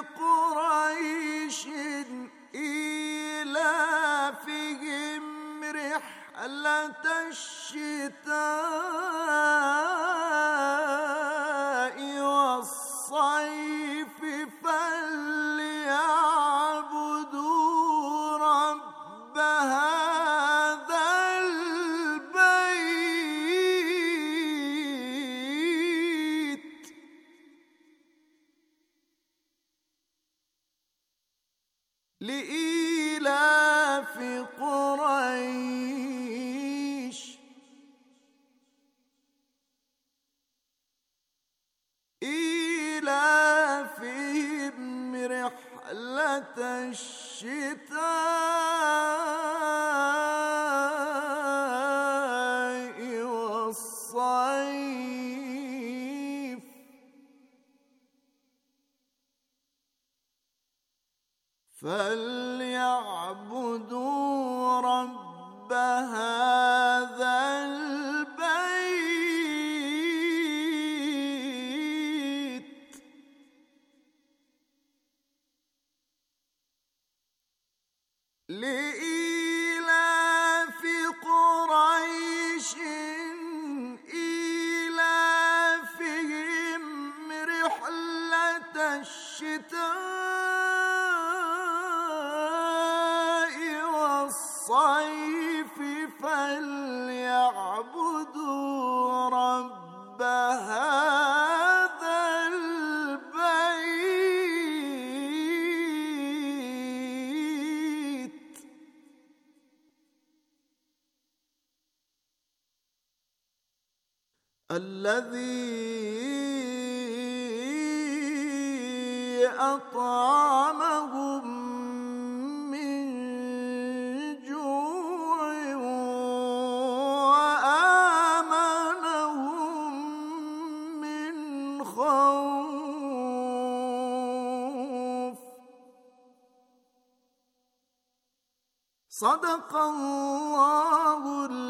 قريش إيلافهم رحلة الشتاء لإيلاف الذي أطعمهم من جوع وآمنهم من خوف صدق الله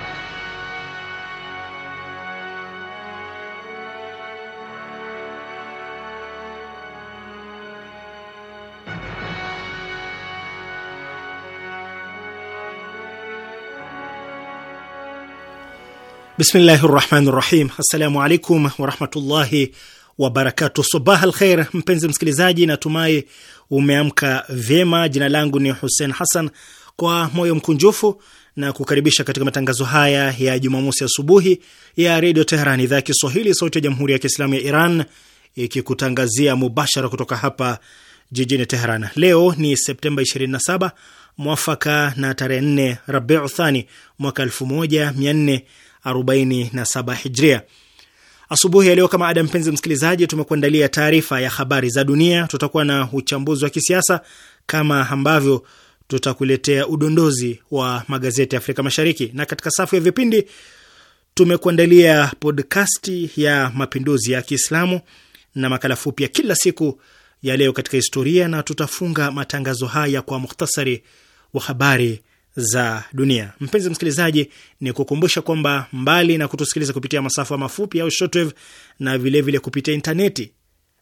Bismillahi rahmani rahim. Assalamu alaikum warahmatullahi wabarakatu. Sabah al mpenzi msikilizaji, natumai umeamka vyema. Jina langu ni Hussein Hassan, kwa moyo mkunjufu na kukaribisha katika matangazo haya ya Jumamosi asubuhi ya, ya Redio Teheran, idhaa ya Kiswahili, sauti ya Jamhuri ya Kiislamu ya Iran, ikikutangazia mubashara kutoka hapa jijini Teheran. Leo ni Septemba 27 mwafaka na tarehe 4 Rabiu Thani mwaka 47 hijria. Asubuhi ya leo kama ada, mpenzi msikilizaji, tumekuandalia taarifa ya habari za dunia, tutakuwa na uchambuzi wa kisiasa kama ambavyo tutakuletea udondozi wa magazeti ya Afrika Mashariki, na katika safu ya vipindi tumekuandalia podkasti ya mapinduzi ya Kiislamu na makala fupi ya kila siku ya leo katika historia, na tutafunga matangazo haya kwa muhtasari wa habari za dunia. Mpenzi msikilizaji, ni kukumbusha kwamba mbali na kutusikiliza kupitia masafa mafupi au shortwave na vilevile vile kupitia intaneti,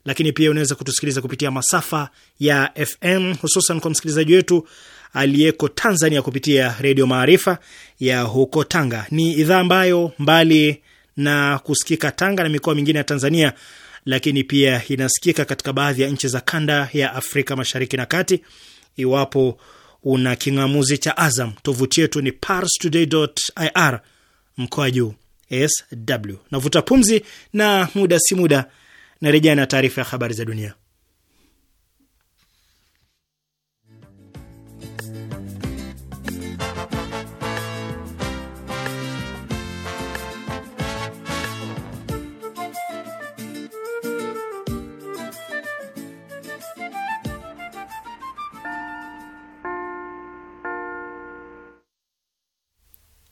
lakini pia unaweza kutusikiliza kupitia masafa ya FM, hususan kwa msikilizaji wetu aliyeko Tanzania kupitia Redio Maarifa ya huko Tanga. Ni idhaa ambayo mbali na kusikika Tanga na mikoa mingine ya Tanzania, lakini pia inasikika katika baadhi ya nchi za kanda ya Afrika Mashariki na Kati iwapo una king'amuzi cha Azam. Tovuti yetu ni parstoday.ir mkoa juu sw. Navuta pumzi, na muda si muda narejea na taarifa ya habari za dunia.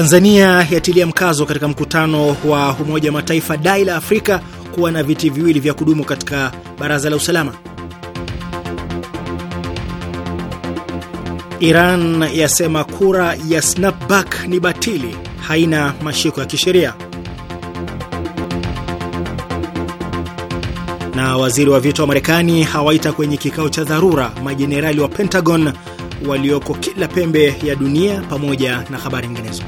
Tanzania yatilia mkazo katika mkutano wa Umoja wa Mataifa dai la Afrika kuwa na viti viwili vya kudumu katika Baraza la Usalama. Iran yasema kura ya snapback ni batili, haina mashiko ya kisheria. Na waziri wa vita wa Marekani hawaita kwenye kikao cha dharura majenerali wa Pentagon walioko kila pembe ya dunia pamoja na habari nyinginezo.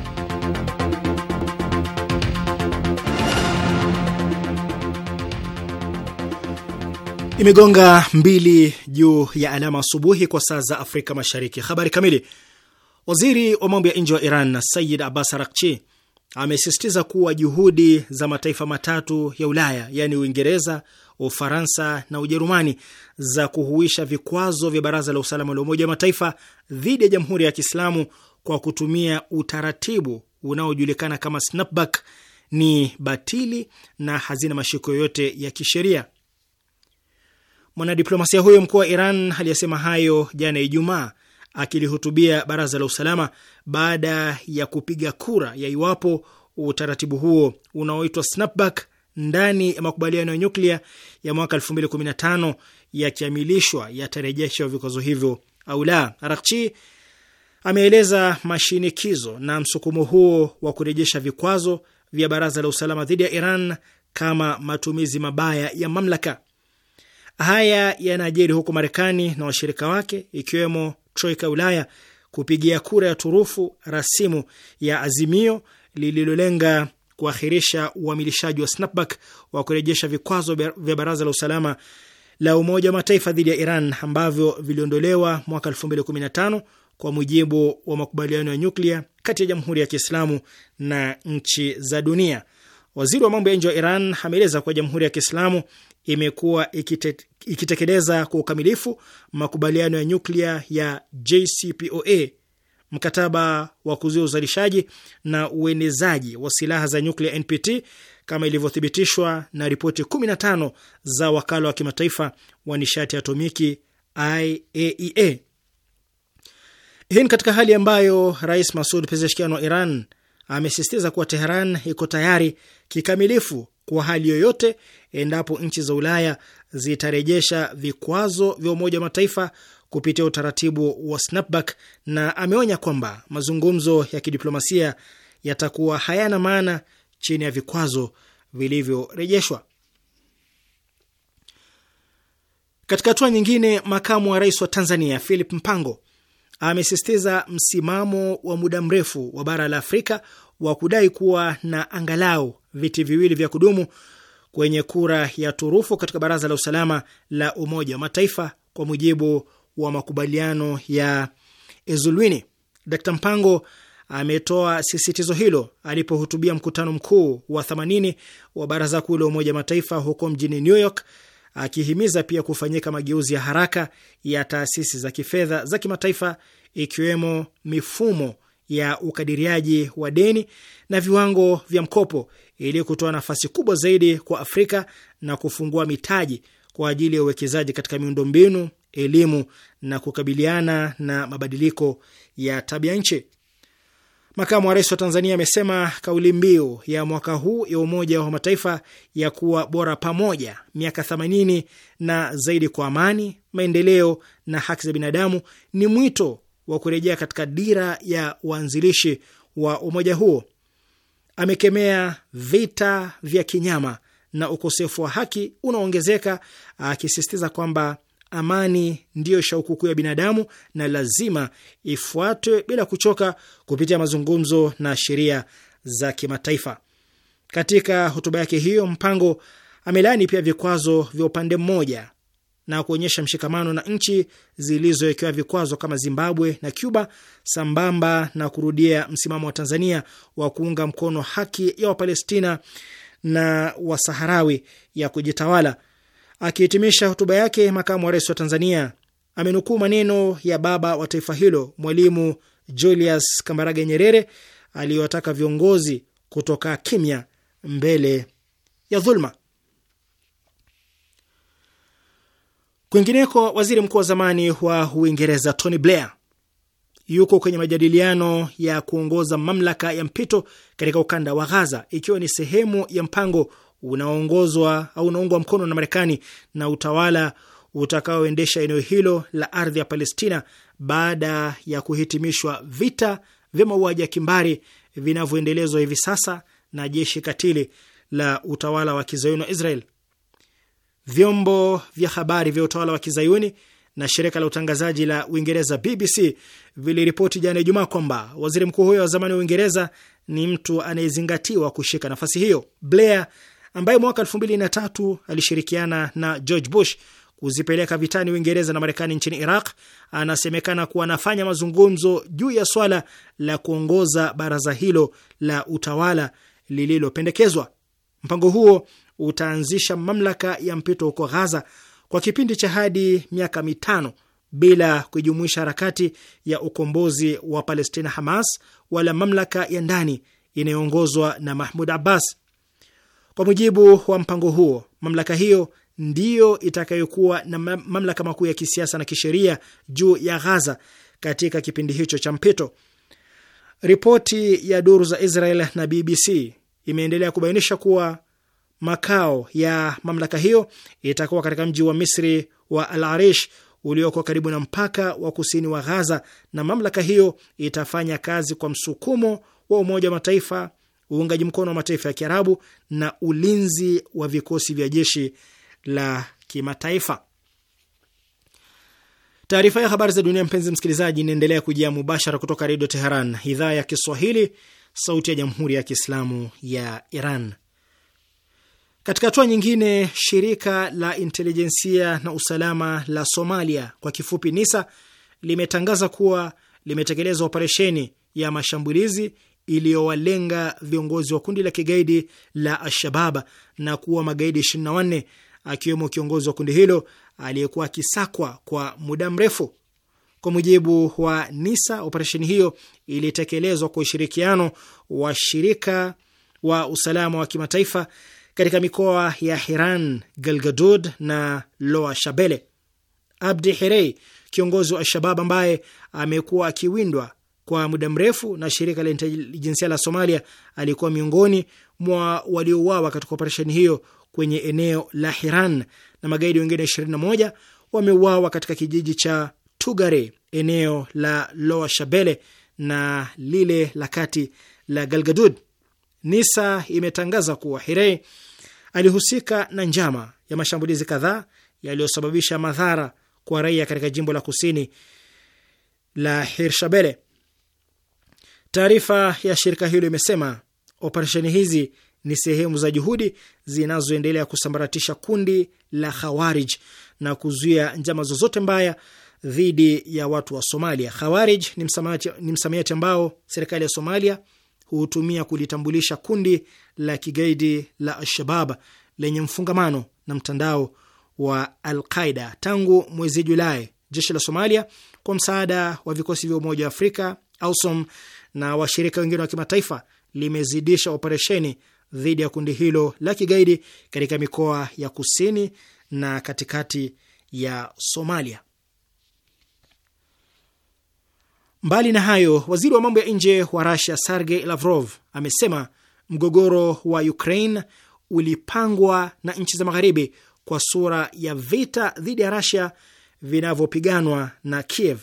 Imegonga mbili juu ya alama asubuhi kwa saa za Afrika Mashariki. Habari kamili. Waziri wa mambo ya nje wa Iran Sayid Abbas Arakchi amesisitiza kuwa juhudi za mataifa matatu ya Ulaya yaani Uingereza, Ufaransa na Ujerumani za kuhuisha vikwazo vya Baraza la Usalama la Umoja wa Mataifa dhidi ya Jamhuri ya Kiislamu kwa kutumia utaratibu unaojulikana kama snapback ni batili na hazina mashiko yoyote ya kisheria. Mwanadiplomasia huyo mkuu wa Iran aliyesema hayo jana Ijumaa akilihutubia baraza la usalama baada ya kupiga kura ya iwapo utaratibu huo unaoitwa snapback ndani ya makubaliano ya nyuklia ya mwaka 2015 yakiamilishwa yatarejeshwa vikwazo hivyo au la. Arakchi ameeleza mashinikizo na msukumo huo wa kurejesha vikwazo vya baraza la usalama dhidi ya Iran kama matumizi mabaya ya mamlaka. Haya yanajiri huku Marekani na washirika wake ikiwemo troika Ulaya kupigia kura ya turufu rasimu ya azimio lililolenga kuahirisha uamilishaji wa snapback wa kurejesha vikwazo vya Baraza la Usalama la Umoja wa Mataifa dhidi ya Iran ambavyo viliondolewa mwaka 2015 kwa mujibu wa makubaliano ya nyuklia kati ya Jamhuri ya Kiislamu na nchi za dunia. Waziri wa mambo ya nje wa Iran ameeleza kuwa Jamhuri ya Kiislamu imekuwa ikitekeleza kwa ukamilifu makubaliano ya nyuklia ya JCPOA, mkataba wa kuzuia uzalishaji na uenezaji wa silaha za nyuklia NPT, kama ilivyothibitishwa na ripoti 15 za wakala wa kimataifa wa nishati atomiki IAEA. E Hii ni katika hali ambayo Rais Masud Pezeshkian wa Iran amesisitiza kuwa Teheran iko tayari kikamilifu kwa hali yoyote endapo nchi za Ulaya zitarejesha vikwazo vya Umoja wa Mataifa kupitia utaratibu wa snapback, na ameonya kwamba mazungumzo ya kidiplomasia yatakuwa hayana maana chini ya vikwazo vilivyorejeshwa. Katika hatua nyingine, makamu wa rais wa Tanzania Philip Mpango amesisitiza msimamo wa muda mrefu wa bara la Afrika wa kudai kuwa na angalau viti viwili vya kudumu kwenye kura ya turufu katika Baraza la Usalama la Umoja wa Mataifa kwa mujibu wa makubaliano ya Ezulwini. Dkt Mpango ametoa sisitizo hilo alipohutubia mkutano mkuu wa 80 wa Baraza Kuu la Umoja wa Mataifa huko mjini New York, akihimiza pia kufanyika mageuzi ya haraka ya taasisi za kifedha za kimataifa ikiwemo mifumo ya ukadiriaji wa deni na viwango vya mkopo ili kutoa nafasi kubwa zaidi kwa Afrika na kufungua mitaji kwa ajili ya uwekezaji katika miundombinu, elimu na kukabiliana na mabadiliko ya tabia nchi. Makamu wa rais wa Tanzania amesema kauli mbiu ya mwaka huu ya Umoja wa Mataifa ya kuwa bora pamoja miaka 80 na zaidi kwa amani, maendeleo na haki za binadamu ni mwito wa kurejea katika dira ya uanzilishi wa umoja huo amekemea vita vya kinyama na ukosefu wa haki unaongezeka, akisisitiza kwamba amani ndiyo shauku kuu ya binadamu na lazima ifuatwe bila kuchoka kupitia mazungumzo na sheria za kimataifa. Katika hotuba yake hiyo, Mpango amelaani pia vikwazo vya upande mmoja na kuonyesha mshikamano na nchi zilizowekewa vikwazo kama Zimbabwe na Cuba, sambamba na kurudia msimamo wa Tanzania wa kuunga mkono haki ya Wapalestina na Wasaharawi ya kujitawala. Akihitimisha hotuba yake, makamu wa rais wa Tanzania amenukuu maneno ya baba wa taifa hilo Mwalimu Julius Kambarage Nyerere aliyowataka viongozi kutoka kimya mbele ya dhulma. Kwingineko, waziri mkuu wa zamani wa Uingereza Tony Blair yuko kwenye majadiliano ya kuongoza mamlaka ya mpito katika ukanda wa Ghaza, ikiwa ni sehemu ya mpango unaoongozwa au unaungwa mkono na Marekani na utawala utakaoendesha eneo hilo la ardhi ya Palestina baada ya kuhitimishwa vita vya mauaji ya kimbari vinavyoendelezwa hivi sasa na jeshi katili la utawala wa kizayuni wa Israel. Vyombo vya habari vya utawala wa kizayuni na shirika la utangazaji la Uingereza BBC viliripoti jana Ijumaa kwamba waziri mkuu huyo wa zamani wa Uingereza ni mtu anayezingatiwa kushika nafasi hiyo. Blair ambaye mwaka tatu alishirikiana na George Bush kuzipeleka vitani Uingereza na Marekani nchini Iraq, anasemekana kuwa anafanya mazungumzo juu ya swala la kuongoza baraza hilo la utawala lililopendekezwa. Mpango huo utaanzisha mamlaka ya mpito huko Ghaza kwa kipindi cha hadi miaka mitano bila kuijumuisha harakati ya ukombozi wa Palestina Hamas wala mamlaka ya ndani inayoongozwa na Mahmud Abbas. Kwa mujibu wa mpango huo, mamlaka hiyo ndiyo itakayokuwa na mamlaka makuu ya kisiasa na kisheria juu ya Ghaza katika kipindi hicho cha mpito. Ripoti ya duru za Israel na BBC imeendelea kubainisha kuwa Makao ya mamlaka hiyo itakuwa katika mji wa Misri wa Al Arish ulioko karibu na mpaka wa kusini wa Ghaza, na mamlaka hiyo itafanya kazi kwa msukumo wa Umoja wa Mataifa, uungaji mkono wa mataifa ya Kiarabu na ulinzi wa vikosi vya jeshi la kimataifa. Taarifa ya habari za dunia, mpenzi msikilizaji, inaendelea kujia mubashara kutoka Redio Teheran, idhaa ya Kiswahili, sauti ya jamhuri ya kiislamu ya Iran. Katika hatua nyingine, shirika la intelijensia na usalama la Somalia kwa kifupi NISA limetangaza kuwa limetekeleza operesheni ya mashambulizi iliyowalenga viongozi wa kundi la kigaidi la Alshabab na kuwa magaidi 24 akiwemo kiongozi wa kundi hilo aliyekuwa akisakwa kwa muda mrefu. Kwa mujibu wa NISA, operesheni hiyo ilitekelezwa kwa ushirikiano wa shirika wa usalama wa kimataifa katika mikoa ya Hiran, Galgadud na Loa Shabele. Abdi Hirei, kiongozi wa Alshabab ambaye amekuwa akiwindwa kwa muda mrefu na shirika la intelijensia la Somalia, alikuwa miongoni mwa waliouawa katika operesheni hiyo kwenye eneo la Hiran, na magaidi wengine 21 wameuawa katika kijiji cha Tugare, eneo la Loa Shabele na lile la kati la Galgadud. NISA imetangaza kuwa Hirei alihusika na njama ya mashambulizi kadhaa yaliyosababisha madhara kwa raia katika jimbo la kusini la Hirshabele. Taarifa ya shirika hilo imesema operesheni hizi ni sehemu za juhudi zinazoendelea kusambaratisha kundi la Khawarij na kuzuia njama zozote mbaya dhidi ya watu wa Somalia. Khawarij ni msamiati ambao serikali ya Somalia huutumia kulitambulisha kundi la kigaidi la Alshabab lenye mfungamano na mtandao wa Alqaida. Tangu mwezi Julai, jeshi la Somalia kwa msaada wa vikosi vya Umoja wa Afrika, AUSOM na washirika wengine wa kimataifa limezidisha operesheni dhidi ya kundi hilo la kigaidi katika mikoa ya kusini na katikati ya Somalia. Mbali na hayo, waziri wa mambo ya nje wa rasia Sergei Lavrov amesema mgogoro wa Ukraine ulipangwa na nchi za magharibi kwa sura ya vita dhidi ya rasia vinavyopiganwa na Kiev.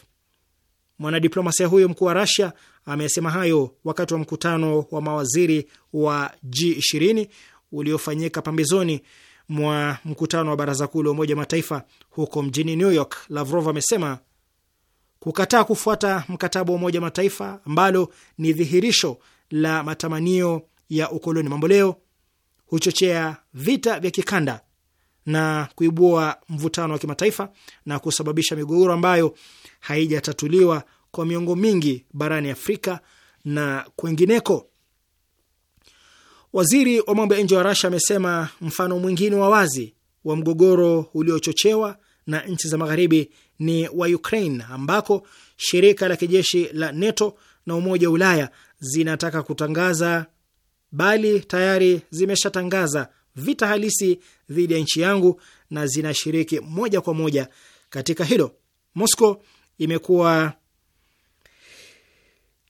Mwanadiplomasia huyo mkuu wa rasia amesema hayo wakati wa mkutano wa mawaziri wa G20 uliofanyika pambezoni mwa mkutano wa baraza kuu la Umoja Mataifa huko mjini New York. Lavrov amesema kukataa kufuata mkataba wa Umoja Mataifa ambalo ni dhihirisho la matamanio ya ukoloni mamboleo huchochea vita vya kikanda na kuibua mvutano wa kimataifa na kusababisha migogoro ambayo haijatatuliwa kwa miongo mingi barani Afrika na kwengineko. Waziri wa mambo ya nje wa Rasha amesema mfano mwingine wa wazi wa mgogoro uliochochewa na nchi za Magharibi ni wa Ukraine ambako shirika la kijeshi la NATO na Umoja wa Ulaya zinataka kutangaza, bali tayari zimeshatangaza vita halisi dhidi ya nchi yangu na zinashiriki moja kwa moja katika hilo. Moscow imekuwa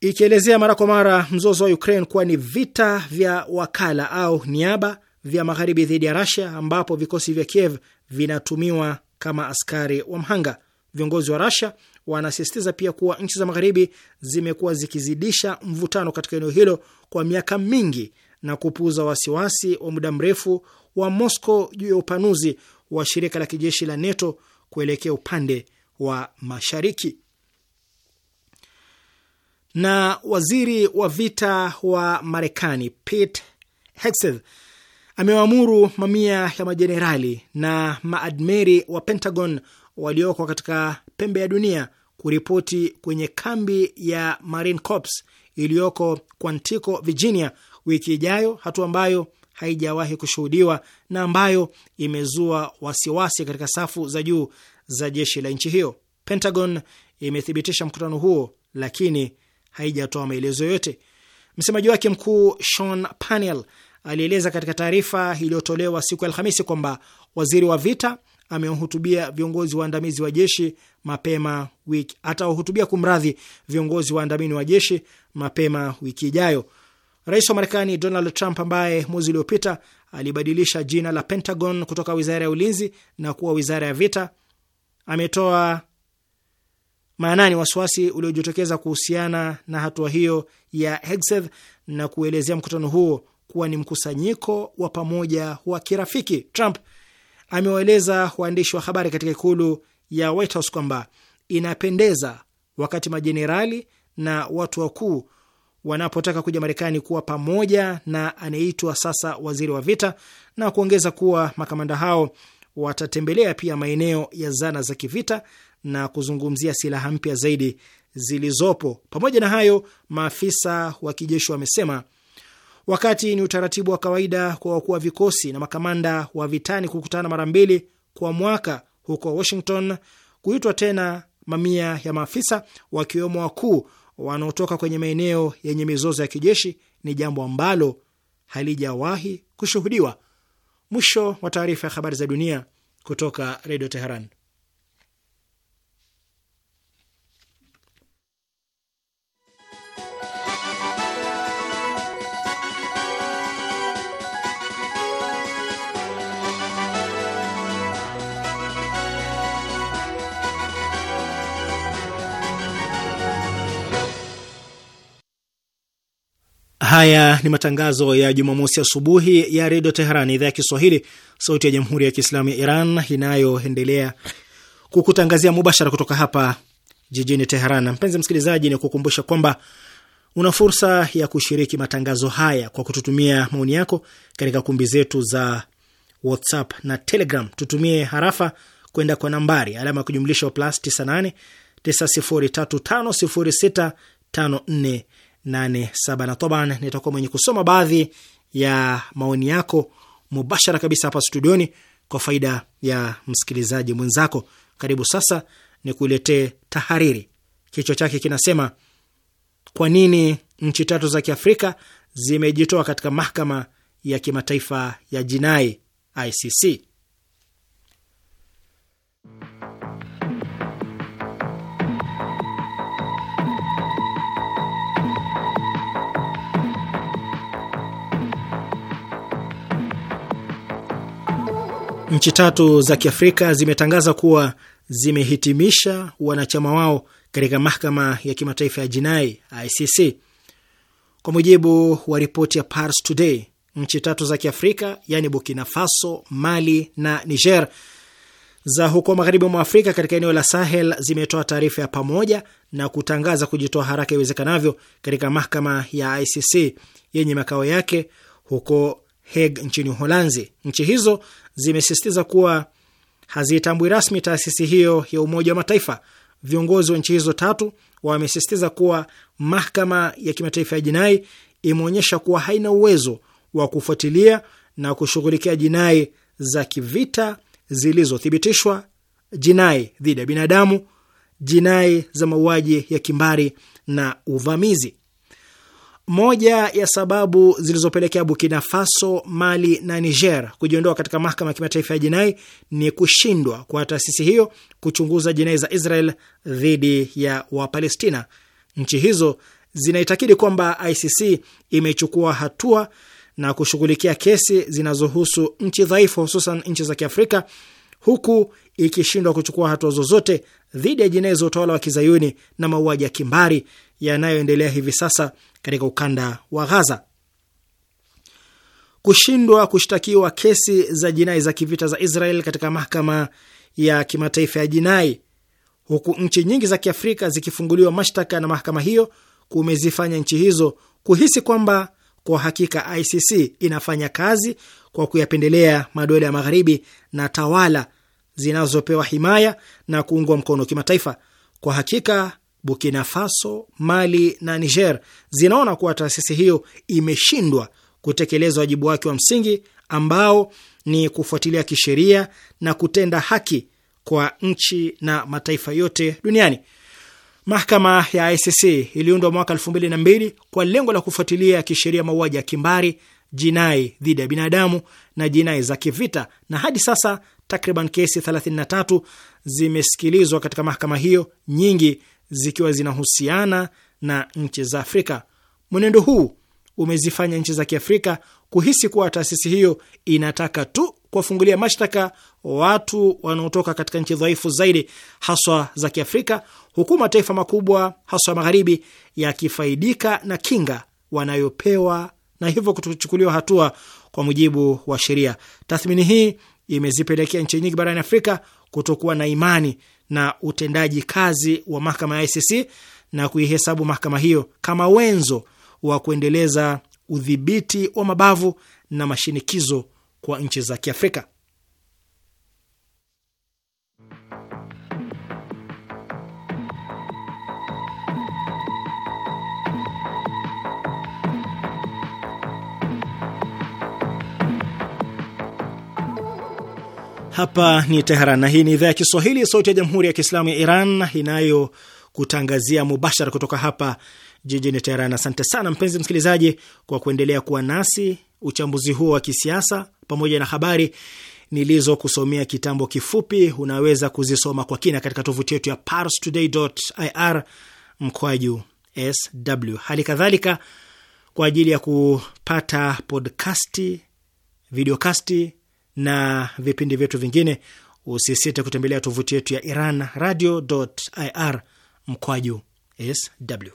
ikielezea mara kwa mara mzozo wa Ukraine kuwa ni vita vya wakala au niaba vya magharibi dhidi ya Russia, ambapo vikosi vya Kiev vinatumiwa kama askari wa mhanga. Viongozi wa rasia wanasisitiza pia kuwa nchi za magharibi zimekuwa zikizidisha mvutano katika eneo hilo kwa miaka mingi na kupuuza wasiwasi wa muda mrefu wa Moscow juu ya upanuzi wa shirika la kijeshi la NATO kuelekea upande wa mashariki. Na waziri wa vita wa Marekani Pete Hegseth amewaamuru mamia ya majenerali na maadmeri wa Pentagon walioko katika pembe ya dunia kuripoti kwenye kambi ya Marine Corps iliyoko Quantico, Virginia wiki ijayo, hatua ambayo haijawahi kushuhudiwa na ambayo imezua wasiwasi katika safu za juu za jeshi la nchi hiyo. Pentagon imethibitisha mkutano huo lakini haijatoa maelezo yoyote. Msemaji wake mkuu Sean Panel alieleza katika taarifa iliyotolewa siku ya Alhamisi kwamba waziri wa vita amewahutubia viongozi waandamizi wa jeshi mapema wiki atawahutubia kumradhi, viongozi waandamini wa jeshi mapema wiki ijayo. Rais wa Marekani Donald Trump ambaye mwezi uliopita alibadilisha jina la Pentagon kutoka wizara ya ulinzi na kuwa wizara ya vita ametoa maanani wasiwasi uliojitokeza kuhusiana na hatua hiyo ya Hegseth na kuelezea mkutano huo kuwa ni mkusanyiko wa pamoja wa kirafiki. Trump amewaeleza waandishi wa habari katika ikulu ya White House kwamba inapendeza wakati majenerali na watu wakuu wanapotaka kuja Marekani kuwa pamoja na anayeitwa sasa waziri wa vita, na kuongeza kuwa makamanda hao watatembelea pia maeneo ya zana za kivita na kuzungumzia silaha mpya zaidi zilizopo. Pamoja na hayo, maafisa wa kijeshi wamesema Wakati ni utaratibu wa kawaida kwa wakuu wa vikosi na makamanda wa vitani kukutana mara mbili kwa mwaka huko Washington, kuitwa tena mamia ya maafisa wakiwemo wakuu wanaotoka kwenye maeneo yenye mizozo ya kijeshi ni jambo ambalo halijawahi kushuhudiwa. Mwisho wa taarifa ya habari za dunia kutoka Redio Teheran. Haya ni matangazo ya Jumamosi asubuhi ya Redio Teheran, idhaa ya Kiswahili, sauti ya Jamhuri ya Kiislamu ya Iran, inayoendelea kukutangazia mubashara kutoka hapa jijini Teheran. Mpenzi msikilizaji, ni kukumbusha kwamba una fursa ya kushiriki matangazo haya kwa kututumia maoni yako katika kumbi zetu za WhatsApp na Telegram. Tutumie harafa kwenda kwa nambari alama ya kujumlisha plus 98 90350654 87 na toban, nitakuwa mwenye kusoma baadhi ya maoni yako mubashara kabisa hapa studioni kwa faida ya msikilizaji mwenzako. Karibu sasa ni kuletee tahariri, kichwa chake kinasema kwa nini nchi tatu za Kiafrika zimejitoa katika mahakama ya kimataifa ya jinai ICC. Nchi tatu za Kiafrika zimetangaza kuwa zimehitimisha wanachama wao katika mahakama ya kimataifa ya jinai ICC. Kwa mujibu wa ripoti ya Pars Today, nchi tatu za Kiafrika yaani Burkina Faso, Mali na Niger za huko magharibi mwa Afrika katika eneo la Sahel zimetoa taarifa ya pamoja na kutangaza kujitoa haraka iwezekanavyo katika mahakama ya ICC yenye makao yake huko Heg nchini Uholanzi. Nchi hizo zimesisitiza kuwa hazitambui rasmi taasisi hiyo ya Umoja wa Mataifa. Viongozi wa nchi hizo tatu wamesisitiza kuwa mahakama ya kimataifa ya jinai imeonyesha kuwa haina uwezo wa kufuatilia na kushughulikia jinai za kivita zilizothibitishwa, jinai dhidi ya binadamu, jinai za mauaji ya kimbari na uvamizi. Moja ya sababu zilizopelekea Burkina Faso, Mali na Niger kujiondoa katika mahakama ya kimataifa ya jinai ni kushindwa kwa taasisi hiyo kuchunguza jinai za Israel dhidi ya Wapalestina. Nchi hizo zinaitakidi kwamba ICC imechukua hatua na kushughulikia kesi zinazohusu nchi dhaifu, hususan nchi za Kiafrika, huku ikishindwa kuchukua hatua zozote dhidi ya jinai za utawala wa kizayuni na mauaji ya kimbari yanayoendelea hivi sasa katika ukanda wa Ghaza. Kushindwa kushtakiwa kesi za jinai za kivita za Israel katika mahakama ya kimataifa ya jinai, huku nchi nyingi za Kiafrika zikifunguliwa mashtaka na mahakama hiyo, kumezifanya nchi hizo kuhisi kwamba kwa hakika ICC inafanya kazi kwa kuyapendelea madola ya magharibi na tawala zinazopewa himaya na kuungwa mkono kimataifa. Kwa hakika Burkina Faso, Mali na Niger zinaona kuwa taasisi hiyo imeshindwa kutekeleza wajibu wake wa msingi ambao ni kufuatilia kisheria na kutenda haki kwa nchi na mataifa yote duniani. Mahakama ya ICC iliundwa mwaka 2002 kwa lengo la kufuatilia kisheria mauaji ya kimbari, jinai dhidi ya binadamu na jinai za kivita, na hadi sasa takriban kesi 33 zimesikilizwa katika mahakama hiyo, nyingi zikiwa zinahusiana na nchi za Afrika. Mwenendo huu umezifanya nchi za Kiafrika kuhisi kuwa taasisi hiyo inataka tu kuwafungulia mashtaka watu wanaotoka katika nchi dhaifu zaidi haswa za Kiafrika, huku mataifa makubwa haswa magharibi yakifaidika na kinga wanayopewa na hivyo kuchukuliwa hatua kwa mujibu wa sheria. Tathmini hii imezipelekea nchi nyingi barani Afrika kutokuwa na imani na utendaji kazi wa mahakama ya ICC na kuihesabu mahakama hiyo kama wenzo wa kuendeleza udhibiti wa mabavu na mashinikizo kwa nchi za Kiafrika. Hapa ni Teheran na hii ni idhaa ya Kiswahili, sauti ya jamhuri ya kiislamu ya Iran inayokutangazia mubashara kutoka hapa jijini Teheran. Asante sana mpenzi msikilizaji kwa kuendelea kuwa nasi. Uchambuzi huo wa kisiasa pamoja na habari nilizokusomea kitambo kifupi unaweza kuzisoma kwa kina katika tovuti yetu ya parstoday.ir mkwaju sw. Hali kadhalika kwa ajili ya kupata podcasti, videocasti na vipindi vyetu vingine, usisite kutembelea tovuti yetu ya Iran radio ir mkwaju sw.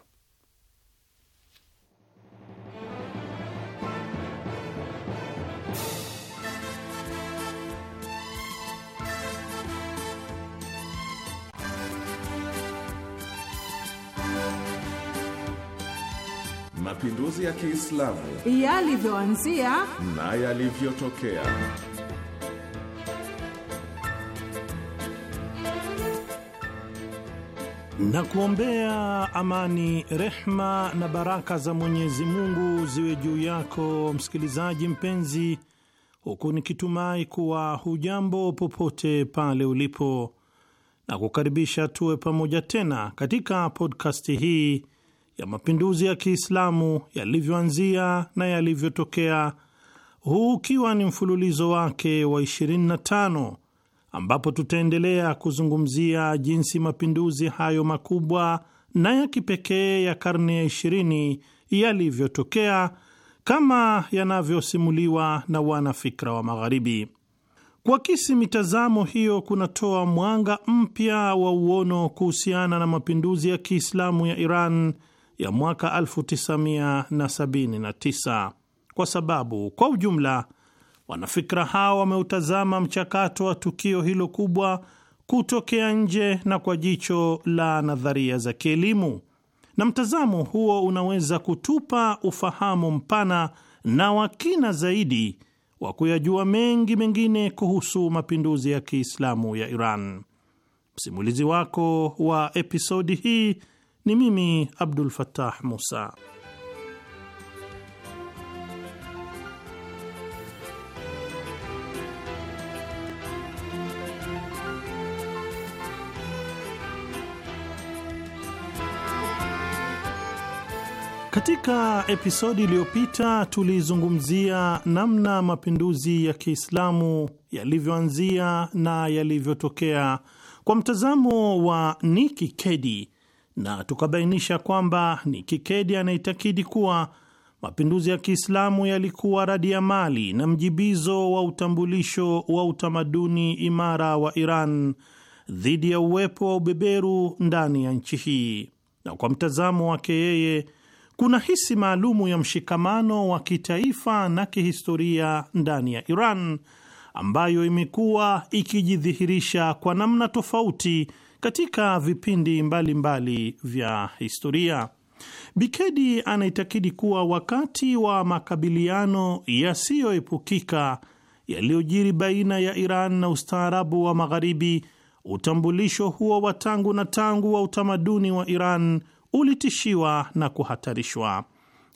Mapinduzi ya Kiislamu yalivyoanzia na yalivyotokea. na kuombea amani, rehma na baraka za Mwenyezi Mungu ziwe juu yako msikilizaji mpenzi, huku nikitumai kuwa hujambo popote pale ulipo, na kukaribisha tuwe pamoja tena katika podkasti hii ya mapinduzi ya Kiislamu yalivyoanzia na yalivyotokea, huu ukiwa ni mfululizo wake wa 25 ambapo tutaendelea kuzungumzia jinsi mapinduzi hayo makubwa na ya kipekee ya karne ya 20 yalivyotokea kama yanavyosimuliwa na wanafikra wa Magharibi. Kuakisi mitazamo hiyo kunatoa mwanga mpya wa uono kuhusiana na mapinduzi ya Kiislamu ya Iran ya mwaka 1979 kwa sababu kwa ujumla Wanafikra hao wameutazama mchakato wa tukio hilo kubwa kutokea nje na kwa jicho la nadharia za kielimu, na mtazamo huo unaweza kutupa ufahamu mpana na wa kina zaidi wa kuyajua mengi mengine kuhusu mapinduzi ya Kiislamu ya Iran. Msimulizi wako wa episodi hii ni mimi Abdul fatah Musa. Katika episodi iliyopita tulizungumzia namna mapinduzi ya Kiislamu yalivyoanzia na yalivyotokea kwa mtazamo wa Nikki Keddie na tukabainisha kwamba Nikki Keddie anaitakidi kuwa mapinduzi ya Kiislamu yalikuwa radi mali na mjibizo wa utambulisho wa utamaduni imara wa Iran dhidi ya uwepo wa ubeberu ndani ya nchi hii, na kwa mtazamo wake yeye kuna hisi maalumu ya mshikamano wa kitaifa na kihistoria ndani ya Iran ambayo imekuwa ikijidhihirisha kwa namna tofauti katika vipindi mbalimbali mbali vya historia. Bikedi anaitakidi kuwa wakati wa makabiliano yasiyoepukika yaliyojiri baina ya Iran na ustaarabu wa Magharibi, utambulisho huo wa tangu na tangu wa utamaduni wa Iran ulitishiwa na kuhatarishwa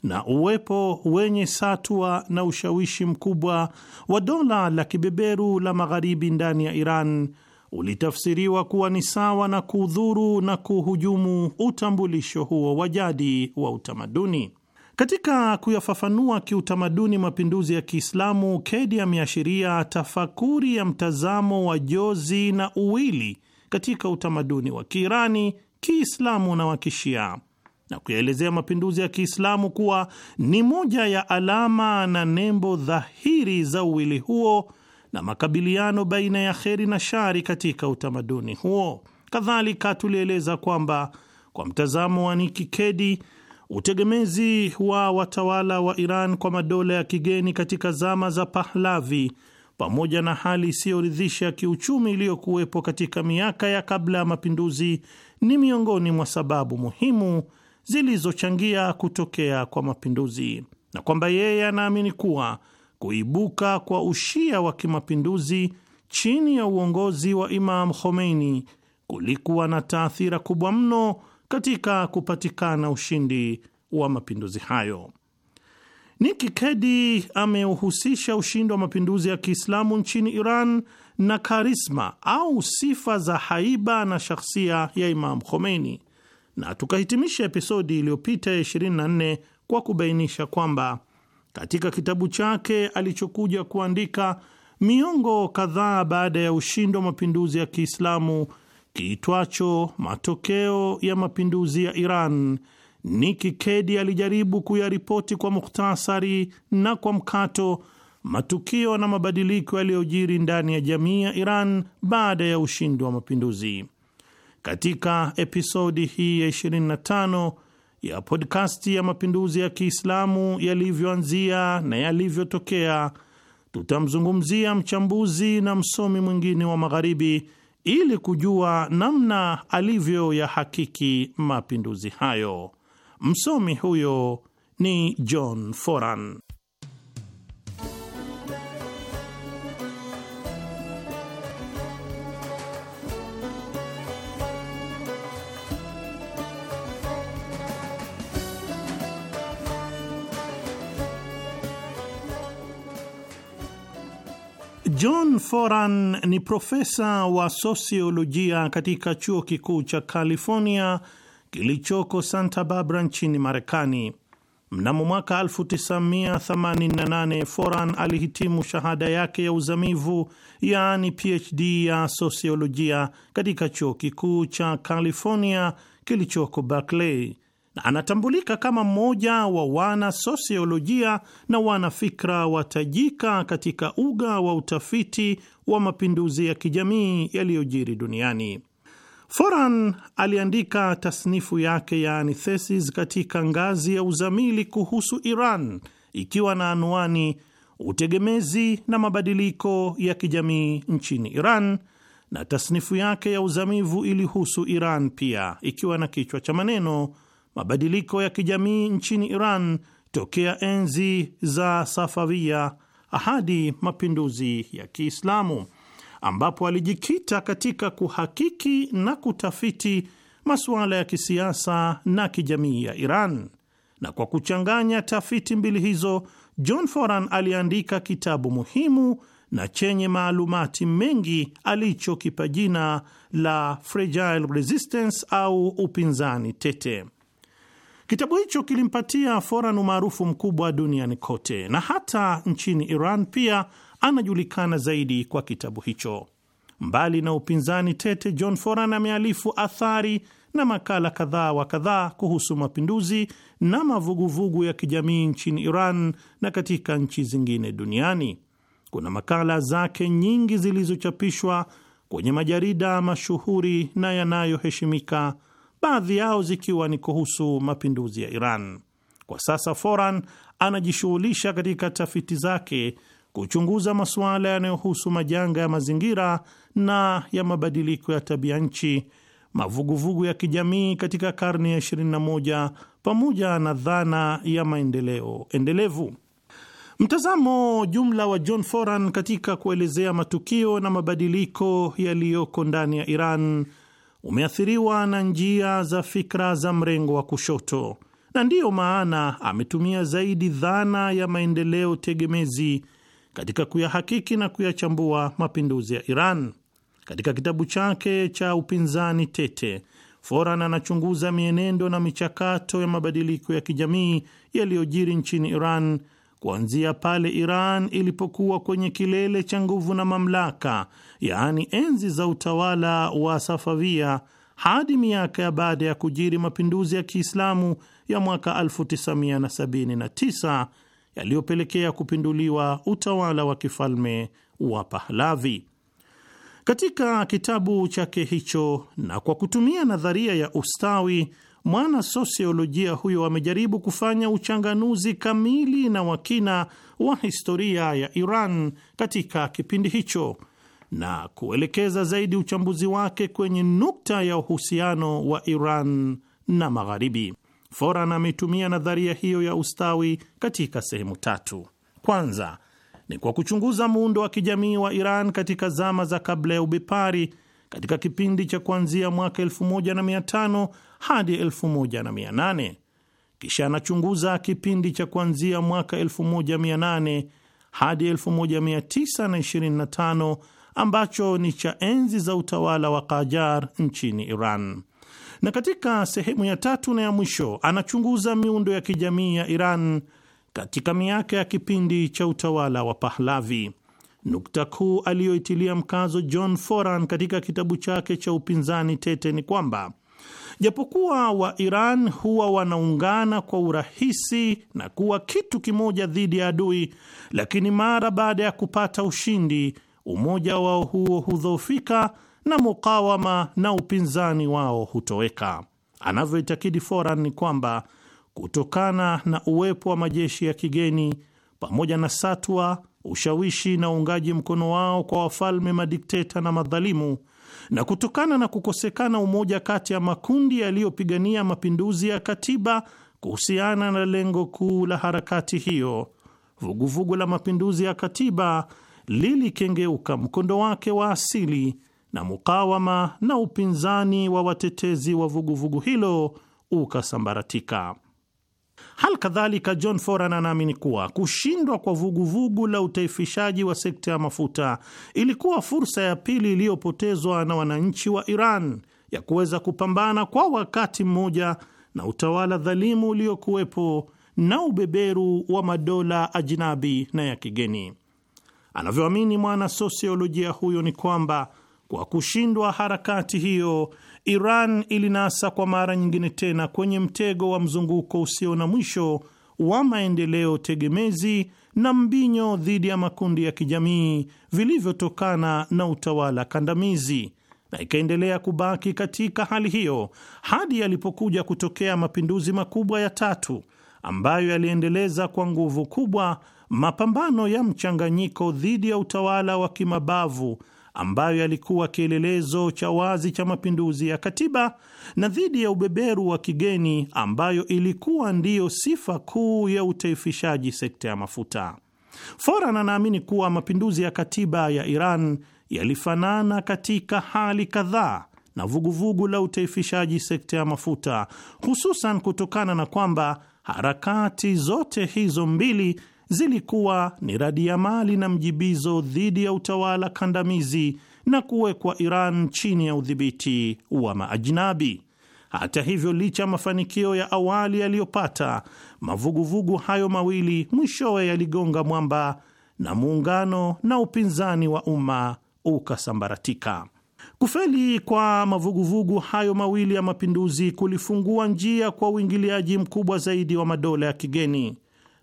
na uwepo wenye satwa na ushawishi mkubwa wa dola la kibeberu la magharibi ndani ya Iran ulitafsiriwa kuwa ni sawa na kudhuru na kuhujumu utambulisho huo wa jadi wa utamaduni. Katika kuyafafanua kiutamaduni mapinduzi ya Kiislamu, Kedi ameashiria tafakuri ya mtazamo wa jozi na uwili katika utamaduni wa Kiirani Kiislamu na wa Kishia na kuyaelezea mapinduzi ya Kiislamu kuwa ni moja ya alama na nembo dhahiri za uwili huo na makabiliano baina ya kheri na shari katika utamaduni huo. Kadhalika tulieleza kwamba kwa mtazamo wa kedi utegemezi wa watawala wa Iran kwa madola ya kigeni katika zama za Pahlavi pamoja na hali isiyoridhisha ya kiuchumi iliyokuwepo katika miaka ya kabla ya mapinduzi ni miongoni mwa sababu muhimu zilizochangia kutokea kwa mapinduzi, na kwamba yeye anaamini kuwa kuibuka kwa ushia wa kimapinduzi chini ya uongozi wa Imam Khomeini kulikuwa na taathira kubwa mno katika kupatikana ushindi wa mapinduzi hayo. Nikki Kedi ameuhusisha ushindi wa mapinduzi ya Kiislamu nchini Iran na karisma au sifa za haiba na shakhsia ya Imam Khomeini, na tukahitimisha episodi iliyopita ya 24 kwa kubainisha kwamba katika kitabu chake alichokuja kuandika miongo kadhaa baada ya ushindi wa mapinduzi ya Kiislamu kiitwacho Matokeo ya Mapinduzi ya Iran, Nikki Keddie alijaribu kuyaripoti kwa mukhtasari na kwa mkato matukio na mabadiliko yaliyojiri ndani ya jamii ya Iran baada ya ushindi wa mapinduzi. Katika episodi hii ya 25 ya podkasti ya mapinduzi ya Kiislamu yalivyoanzia na yalivyotokea, tutamzungumzia mchambuzi na msomi mwingine wa Magharibi ili kujua namna alivyoyahakiki mapinduzi hayo. Msomi huyo ni John Foran. John Foran ni profesa wa sosiolojia katika chuo kikuu cha California kilichoko Santa Barbara nchini Marekani. Mnamo mwaka 1988 Foran alihitimu shahada yake ya uzamivu yaani PhD ya sosiolojia katika chuo kikuu cha California kilichoko Berkeley na anatambulika kama mmoja wa wana sosiolojia na wanafikra watajika katika uga wa utafiti wa mapinduzi ya kijamii yaliyojiri duniani. Foran aliandika tasnifu yake yaani thesis katika ngazi ya uzamili kuhusu Iran ikiwa na anwani utegemezi na mabadiliko ya kijamii nchini Iran, na tasnifu yake ya uzamivu ilihusu Iran pia ikiwa na kichwa cha maneno mabadiliko ya kijamii nchini Iran tokea enzi za Safavia hadi mapinduzi ya Kiislamu, ambapo alijikita katika kuhakiki na kutafiti masuala ya kisiasa na kijamii ya Iran, na kwa kuchanganya tafiti mbili hizo John Foran aliandika kitabu muhimu na chenye maalumati mengi alichokipa jina la Fragile Resistance au upinzani tete. Kitabu hicho kilimpatia foran umaarufu mkubwa duniani kote na hata nchini Iran pia anajulikana zaidi kwa kitabu hicho. Mbali na upinzani tete, John Foran amealifu athari na makala kadhaa wa kadhaa kuhusu mapinduzi na mavuguvugu ya kijamii nchini Iran na katika nchi zingine duniani. Kuna makala zake nyingi zilizochapishwa kwenye majarida mashuhuri na yanayoheshimika baadhi yao zikiwa ni kuhusu mapinduzi ya Iran. Kwa sasa Foran anajishughulisha katika tafiti zake kuchunguza masuala yanayohusu majanga ya mazingira na ya mabadiliko ya tabia nchi, mavuguvugu ya kijamii katika karne ya 21 pamoja na dhana ya maendeleo endelevu. Mtazamo jumla wa John Foran katika kuelezea matukio na mabadiliko yaliyoko ndani ya Iran umeathiriwa na njia za fikra za mrengo wa kushoto, na ndiyo maana ametumia zaidi dhana ya maendeleo tegemezi katika kuyahakiki na kuyachambua mapinduzi ya Iran. Katika kitabu chake cha upinzani tete, Foran anachunguza mienendo na michakato ya mabadiliko ya kijamii yaliyojiri nchini Iran kuanzia pale Iran ilipokuwa kwenye kilele cha nguvu na mamlaka, yaani enzi za utawala wa Safavia hadi miaka ya baada ya kujiri mapinduzi ya Kiislamu ya mwaka 1979 yaliyopelekea kupinduliwa utawala wa kifalme wa Pahlavi. Katika kitabu chake hicho na kwa kutumia nadharia ya ustawi mwana sosiolojia huyo amejaribu kufanya uchanganuzi kamili na wakina wa historia ya Iran katika kipindi hicho na kuelekeza zaidi uchambuzi wake kwenye nukta ya uhusiano wa Iran na Magharibi. Foran ametumia nadharia hiyo ya ustawi katika sehemu tatu. Kwanza ni kwa kuchunguza muundo wa kijamii wa Iran katika zama za kabla ya ubepari katika kipindi cha kuanzia mwaka 1500 hadi 1800. Kisha anachunguza kipindi cha kuanzia mwaka 1800 hadi 1925 ambacho ni cha enzi za utawala wa Qajar nchini Iran. Na katika sehemu ya tatu na ya mwisho anachunguza miundo ya kijamii ya Iran katika miaka ya kipindi cha utawala wa Pahlavi. Nukta kuu aliyoitilia mkazo John Foran katika kitabu chake cha upinzani tete ni kwamba Japokuwa wa Iran huwa wanaungana kwa urahisi na kuwa kitu kimoja dhidi ya adui, lakini mara baada ya kupata ushindi, umoja wao huo hudhoofika na mukawama na upinzani wao hutoweka. Anavyoitakidi Foran ni kwamba kutokana na uwepo wa majeshi ya kigeni pamoja na satwa, ushawishi na uungaji mkono wao kwa wafalme, madikteta na madhalimu na kutokana na kukosekana umoja kati ya makundi yaliyopigania mapinduzi ya katiba kuhusiana na lengo kuu la harakati hiyo, vuguvugu vugu la mapinduzi ya katiba lilikengeuka mkondo wake wa asili na mukawama na upinzani wa watetezi wa vuguvugu vugu hilo ukasambaratika. Hal kadhalika John Foran anaamini kuwa kushindwa kwa vuguvugu vugu la utaifishaji wa sekta ya mafuta ilikuwa fursa ya pili iliyopotezwa na wananchi wa Iran ya kuweza kupambana kwa wakati mmoja na utawala dhalimu uliokuwepo na ubeberu wa madola ajinabi na ya kigeni. Anavyoamini mwana sosiolojia huyo ni kwamba kwa kushindwa harakati hiyo, Iran ilinasa kwa mara nyingine tena kwenye mtego wa mzunguko usio na mwisho wa maendeleo tegemezi na mbinyo dhidi ya makundi ya kijamii vilivyotokana na utawala kandamizi na ikaendelea kubaki katika hali hiyo hadi yalipokuja kutokea mapinduzi makubwa ya tatu ambayo yaliendeleza kwa nguvu kubwa mapambano ya mchanganyiko dhidi ya utawala wa kimabavu ambayo yalikuwa kielelezo cha wazi cha mapinduzi ya katiba na dhidi ya ubeberu wa kigeni ambayo ilikuwa ndiyo sifa kuu ya utaifishaji sekta ya mafuta. Foran anaamini kuwa mapinduzi ya katiba ya Iran yalifanana katika hali kadhaa na vuguvugu la utaifishaji sekta ya mafuta, hususan kutokana na kwamba harakati zote hizo mbili zilikuwa ni radi ya mali na mjibizo dhidi ya utawala kandamizi na kuwekwa Iran chini ya udhibiti wa maajnabi. Hata hivyo, licha ya mafanikio ya awali yaliyopata, mavuguvugu hayo mawili mwishowe yaligonga mwamba na muungano na upinzani wa umma ukasambaratika. Kufeli kwa mavuguvugu hayo mawili ya mapinduzi kulifungua njia kwa uingiliaji mkubwa zaidi wa madola ya kigeni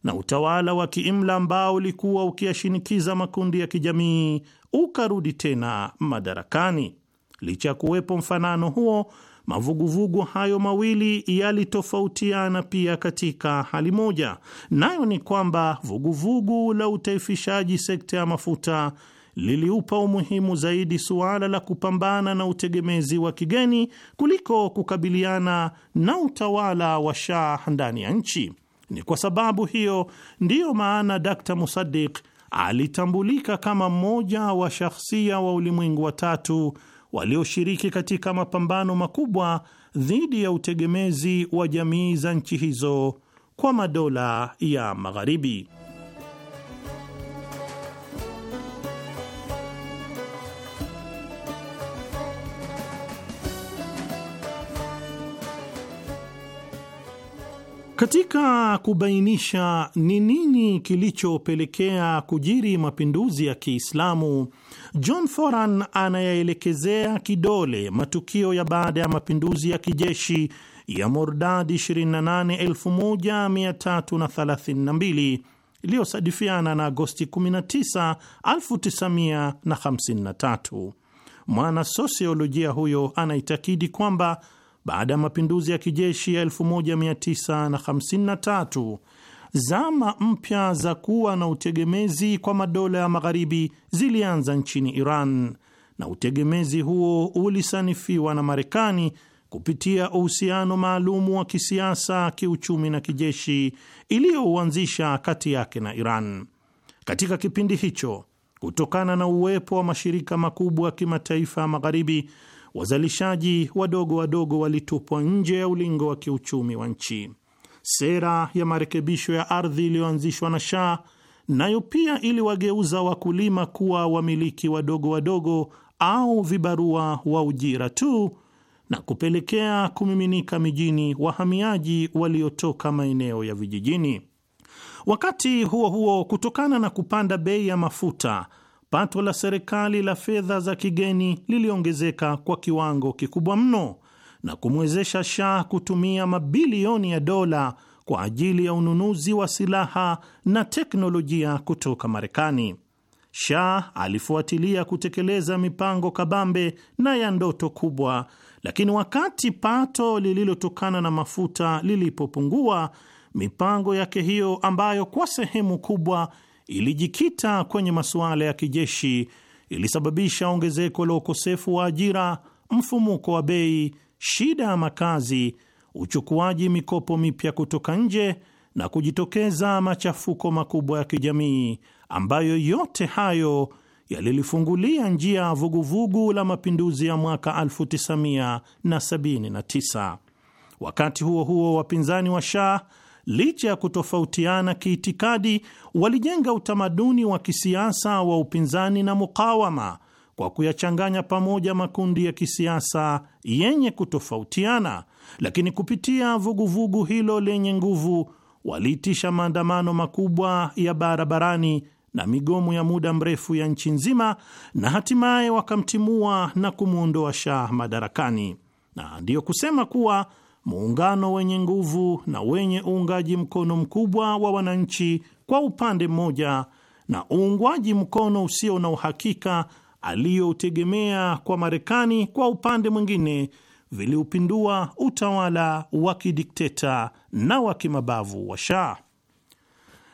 na utawala wa kiimla ambao ulikuwa ukiyashinikiza makundi ya kijamii ukarudi tena madarakani. Licha ya kuwepo mfanano huo, mavuguvugu hayo mawili yalitofautiana pia katika hali moja, nayo ni kwamba vuguvugu vugu la utaifishaji sekta ya mafuta liliupa umuhimu zaidi suala la kupambana na utegemezi wa kigeni kuliko kukabiliana na utawala wa Shah ndani ya nchi. Ni kwa sababu hiyo ndiyo maana Dr. musadik alitambulika kama mmoja wa shakhsia wa ulimwengu wa tatu walioshiriki katika mapambano makubwa dhidi ya utegemezi wa jamii za nchi hizo kwa madola ya Magharibi. Katika kubainisha ni nini kilichopelekea kujiri mapinduzi ya Kiislamu, John Foran anayaelekezea kidole matukio ya baada ya mapinduzi ya kijeshi ya Mordadi 281332 iliyosadifiana na Agosti 19 1953. Mwana sosiolojia huyo anaitakidi kwamba baada ya mapinduzi ya kijeshi ya 1953 zama mpya za kuwa na utegemezi kwa madola ya magharibi zilianza nchini Iran, na utegemezi huo ulisanifiwa na Marekani kupitia uhusiano maalumu wa kisiasa, kiuchumi na kijeshi iliyouanzisha kati yake na Iran. Katika kipindi hicho, kutokana na uwepo wa mashirika makubwa ya kimataifa ya magharibi wazalishaji wadogo wadogo walitupwa nje ya ulingo wa kiuchumi wa nchi. Sera ya marekebisho ya ardhi iliyoanzishwa na Shah nayo pia iliwageuza wakulima kuwa wamiliki wadogo wadogo au vibarua wa ujira tu na kupelekea kumiminika mijini wahamiaji waliotoka maeneo ya vijijini. Wakati huo huo, kutokana na kupanda bei ya mafuta pato la serikali la fedha za kigeni liliongezeka kwa kiwango kikubwa mno na kumwezesha Shah kutumia mabilioni ya dola kwa ajili ya ununuzi wa silaha na teknolojia kutoka Marekani. Shah alifuatilia kutekeleza mipango kabambe na ya ndoto kubwa, lakini wakati pato lililotokana na mafuta lilipopungua, mipango yake hiyo ambayo kwa sehemu kubwa ilijikita kwenye masuala ya kijeshi ilisababisha ongezeko la ukosefu wa ajira, mfumuko wa bei, shida ya makazi, uchukuaji mikopo mipya kutoka nje na kujitokeza machafuko makubwa ya kijamii, ambayo yote hayo yalilifungulia njia vuguvugu vugu la mapinduzi ya mwaka 1979. Wakati huo huo, wapinzani wa Shah licha ya kutofautiana kiitikadi, walijenga utamaduni wa kisiasa wa upinzani na mukawama kwa kuyachanganya pamoja makundi ya kisiasa yenye kutofautiana, lakini kupitia vuguvugu vugu hilo lenye nguvu waliitisha maandamano makubwa ya barabarani na migomo ya muda mrefu ya nchi nzima na hatimaye wakamtimua na kumwondoa Shah madarakani, na ndiyo kusema kuwa muungano wenye nguvu na wenye uungaji mkono mkubwa wa wananchi kwa upande mmoja, na uungwaji mkono usio na uhakika aliyoutegemea kwa Marekani kwa upande mwingine, viliupindua utawala wa kidikteta na wa kimabavu wa Shah.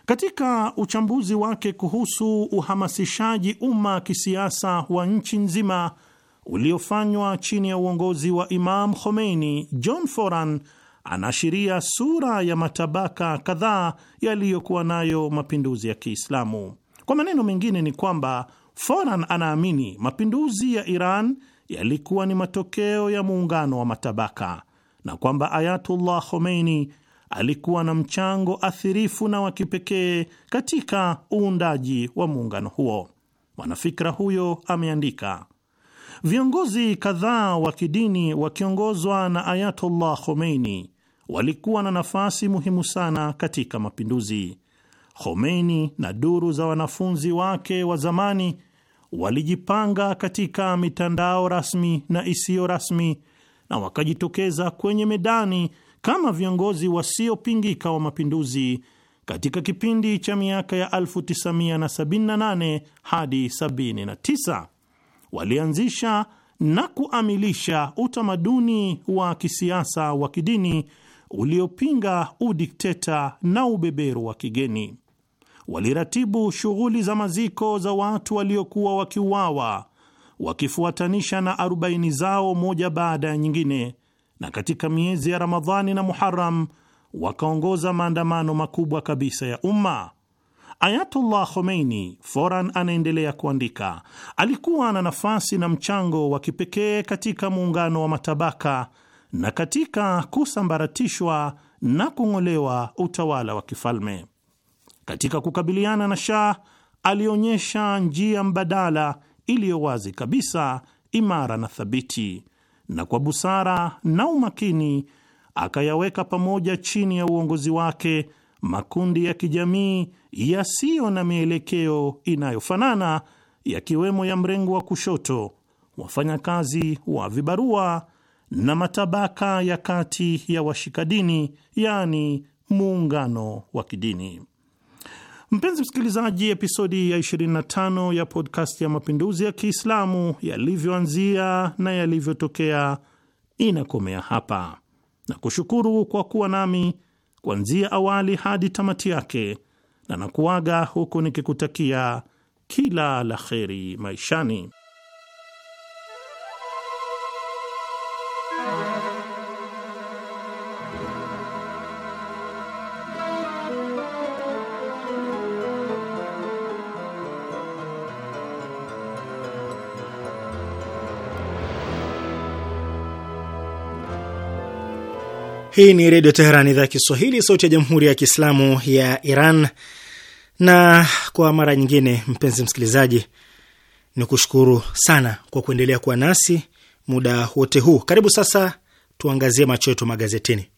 Katika uchambuzi wake kuhusu uhamasishaji umma kisiasa wa nchi nzima uliofanywa chini ya uongozi wa Imam Khomeini, John Foran anaashiria sura ya matabaka kadhaa yaliyokuwa nayo mapinduzi ya Kiislamu. Kwa maneno mengine, ni kwamba Foran anaamini mapinduzi ya Iran yalikuwa ni matokeo ya muungano wa matabaka na kwamba Ayatullah Khomeini alikuwa na mchango athirifu na wa kipekee katika uundaji wa muungano huo. Mwanafikra huyo ameandika: Viongozi kadhaa wa kidini wakiongozwa na ayatullah Khomeini walikuwa na nafasi muhimu sana katika mapinduzi. Khomeini na duru za wanafunzi wake wa zamani walijipanga katika mitandao rasmi na isiyo rasmi na wakajitokeza kwenye medani kama viongozi wasiopingika wa mapinduzi katika kipindi cha miaka ya 1978 hadi 79 walianzisha na kuamilisha utamaduni wa kisiasa wa kidini uliopinga udikteta na ubeberu wa kigeni. Waliratibu shughuli za maziko za watu waliokuwa wakiuawa, wakifuatanisha na arobaini zao moja baada ya nyingine, na katika miezi ya Ramadhani na Muharam wakaongoza maandamano makubwa kabisa ya umma Ayatullah Khomeini, Foran anaendelea kuandika, alikuwa na nafasi na mchango wa kipekee katika muungano wa matabaka na katika kusambaratishwa na kung'olewa utawala wa kifalme. Katika kukabiliana na Shah alionyesha njia mbadala iliyo wazi kabisa, imara na thabiti, na kwa busara na umakini akayaweka pamoja chini ya uongozi wake makundi ya kijamii yasiyo na mielekeo inayofanana yakiwemo ya mrengo wa kushoto, wafanyakazi wa vibarua na matabaka ya kati ya washikadini, yaani muungano wa kidini. Mpenzi msikilizaji, episodi ya 25 ya podcast ya mapinduzi ya Kiislamu yalivyoanzia na yalivyotokea inakomea hapa, na kushukuru kwa kuwa nami kuanzia awali hadi tamati yake, na nakuaga huku nikikutakia kila la kheri maishani. Hii ni Redio Teheran, idhaa ya Kiswahili, sauti ya Jamhuri ya Kiislamu ya Iran. Na kwa mara nyingine, mpenzi msikilizaji, ni kushukuru sana kwa kuendelea kuwa nasi muda wote huu. Karibu sasa tuangazie macho yetu magazetini.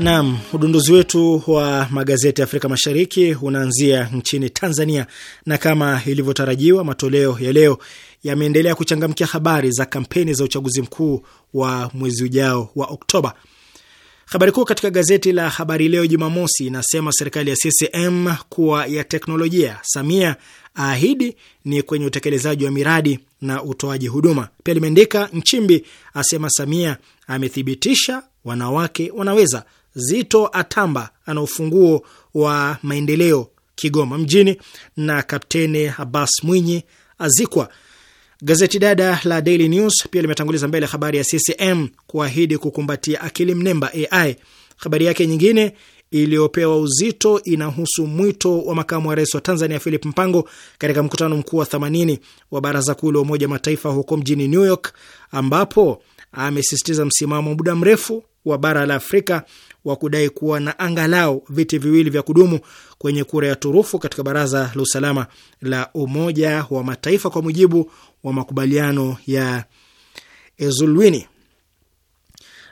Naam, udunduzi wetu wa magazeti ya Afrika Mashariki unaanzia nchini Tanzania, na kama ilivyotarajiwa matoleo ya leo yameendelea kuchangamkia habari za kampeni za uchaguzi mkuu wa mwezi ujao wa Oktoba. Habari kuu katika gazeti la Habari Leo Jumamosi inasema serikali ya CCM kuwa ya teknolojia, Samia aahidi ni kwenye utekelezaji wa miradi na utoaji huduma. Pia limeandika Nchimbi asema Samia amethibitisha wanawake wanaweza Zito atamba ana ufunguo wa maendeleo Kigoma mjini, na Kapteni Abbas Mwinyi azikwa. Gazeti dada la Daily News pia limetanguliza mbele habari ya CCM kuahidi kukumbatia akili mnemba AI. Habari yake nyingine iliyopewa uzito inahusu mwito wa makamu wa rais wa Tanzania Philip Mpango katika mkutano mkuu wa 80 wa Baraza Kuu la Umoja Mataifa huko mjini New York ambapo amesisitiza msimamo muda mrefu wa bara la Afrika wa kudai kuwa na angalau viti viwili vya kudumu kwenye kura ya turufu katika Baraza la Usalama la Umoja wa Mataifa kwa mujibu wa makubaliano ya Ezulwini.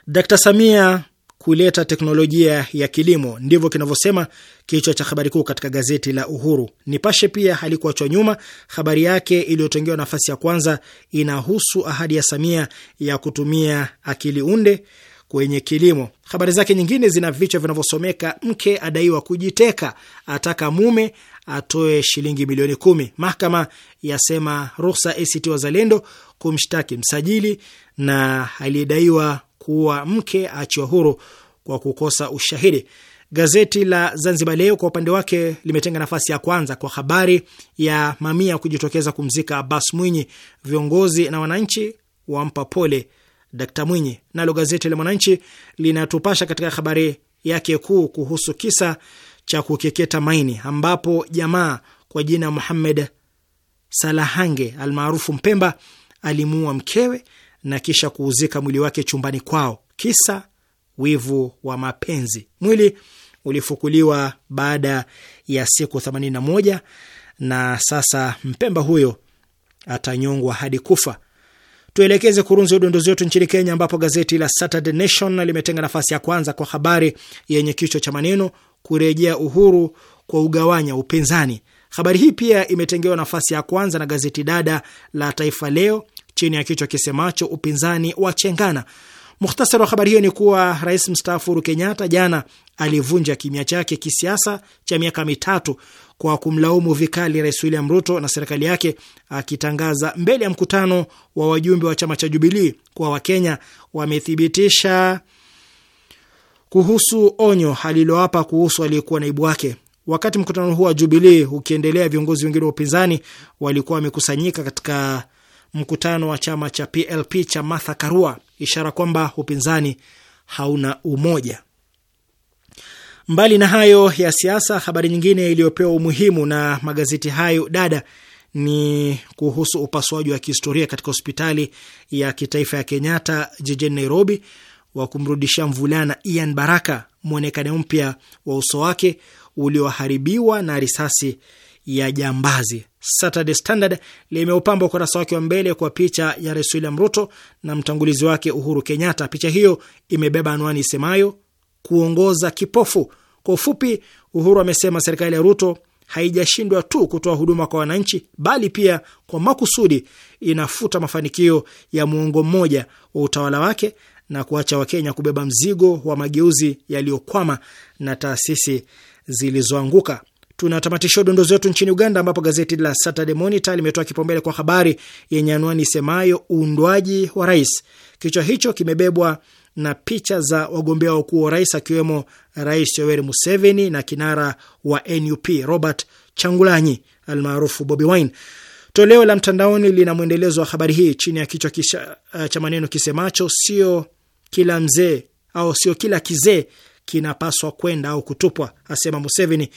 Dkt Samia kuleta teknolojia ya kilimo, ndivyo kinavyosema kichwa cha habari kuu katika gazeti la Uhuru. Nipashe pia halikuachwa nyuma. Habari yake iliyotengewa nafasi ya kwanza inahusu ahadi ya Samia ya kutumia akili unde kwenye kilimo. Habari zake nyingine zina vichwa vinavyosomeka: mke adaiwa kujiteka, ataka mume atoe shilingi milioni kumi, mahakama yasema ruhusa ACT Wazalendo kumshtaki msajili, na aliyedaiwa kuwa mke achiwa huru kwa kukosa ushahidi. Gazeti la Zanzibar Leo kwa upande wake limetenga nafasi ya kwanza kwa habari ya mamia kujitokeza kumzika Abbas Mwinyi, viongozi na wananchi wampa pole Dkt Mwinyi. Nalo gazeti la Mwananchi linatupasha katika habari yake kuu kuhusu kisa cha kukeketa maini, ambapo jamaa kwa jina Muhamed Salahange almaarufu Mpemba alimuua mkewe na kisha kuuzika mwili wake chumbani kwao, kisa wivu wa mapenzi. Mwili ulifukuliwa baada ya siku 81 na sasa mpemba huyo atanyongwa hadi kufa. Tuelekeze kurunzi ya udondozi wetu nchini Kenya, ambapo gazeti la Saturday Nation limetenga nafasi ya kwanza kwa habari yenye kichwa cha maneno kurejea uhuru kwa ugawanya upinzani. Habari hii pia imetengewa nafasi ya kwanza na gazeti dada la Taifa Leo chini ya kichwa kisemacho upinzani wa chengana. Muhtasari wa habari hiyo ni kuwa rais mstaafu Uhuru Kenyatta jana alivunja kimya chake kisiasa cha miaka mitatu kwa kumlaumu vikali rais William Ruto na serikali yake, akitangaza mbele ya mkutano wa wajumbe wa chama cha Jubilii kuwa Wakenya wamethibitisha kuhusu onyo alilowapa kuhusu aliyekuwa naibu wake. Wakati mkutano huo wa Jubilii ukiendelea, viongozi wengine wa upinzani walikuwa wamekusanyika katika mkutano wa chama cha PLP cha Martha Karua, ishara kwamba upinzani hauna umoja. Mbali na hayo ya siasa, habari nyingine iliyopewa umuhimu na magazeti hayo dada ni kuhusu upasuaji wa kihistoria katika hospitali ya kitaifa ya Kenyatta jijini Nairobi wa kumrudishia mvulana Ian Baraka mwonekano mpya wa uso wake ulioharibiwa na risasi ya jambazi. Saturday Standard limeupamba ukurasa wake wa mbele kwa picha ya Rais William Ruto na mtangulizi wake Uhuru Kenyatta. Picha hiyo imebeba anwani isemayo kuongoza kipofu. Kwa ufupi, Uhuru amesema serikali ya Ruto haijashindwa tu kutoa huduma kwa wananchi, bali pia kwa makusudi inafuta mafanikio ya muongo mmoja wa utawala wake na kuacha Wakenya kubeba mzigo wa mageuzi yaliyokwama na taasisi zilizoanguka. Tunatamatisha udondozi wetu nchini Uganda, ambapo gazeti la Saturday Monitor limetoa kipaumbele kwa habari yenye anwani semayo uundwaji wa rais. Kichwa hicho kimebebwa na picha za wagombea wakuu wa rais akiwemo Rais Yoweri Museveni na kinara wa NUP Robert Changulanyi almaarufu Bobi Wine. Toleo la mtandaoni lina mwendelezo wa habari hii chini ya kichwa uh, cha maneno kisemacho sio kila mzee au sio kila kizee kinapaswa kwenda au kutupwa, asema Museveni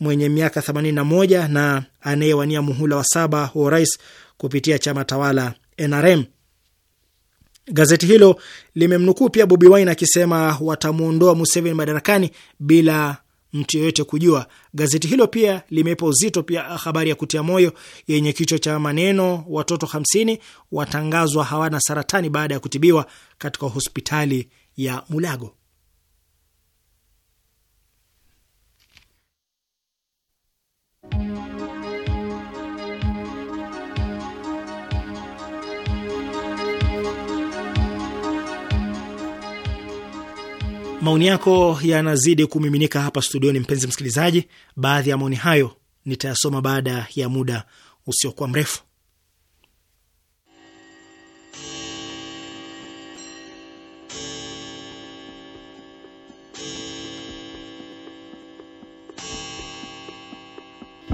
mwenye miaka 81 na anayewania muhula wa saba wa urais kupitia chama tawala NRM. Gazeti hilo limemnukuu pia Bobi Wine akisema watamwondoa Museveni madarakani bila mtu yoyote kujua. Gazeti hilo pia limeipa uzito pia habari ya kutia moyo yenye kichwa cha maneno watoto 50 watangazwa hawana saratani baada ya kutibiwa katika hospitali ya Mulago. Maoni yako yanazidi kumiminika hapa studioni, mpenzi msikilizaji. Baadhi ya maoni hayo nitayasoma baada ya muda usiokuwa mrefu.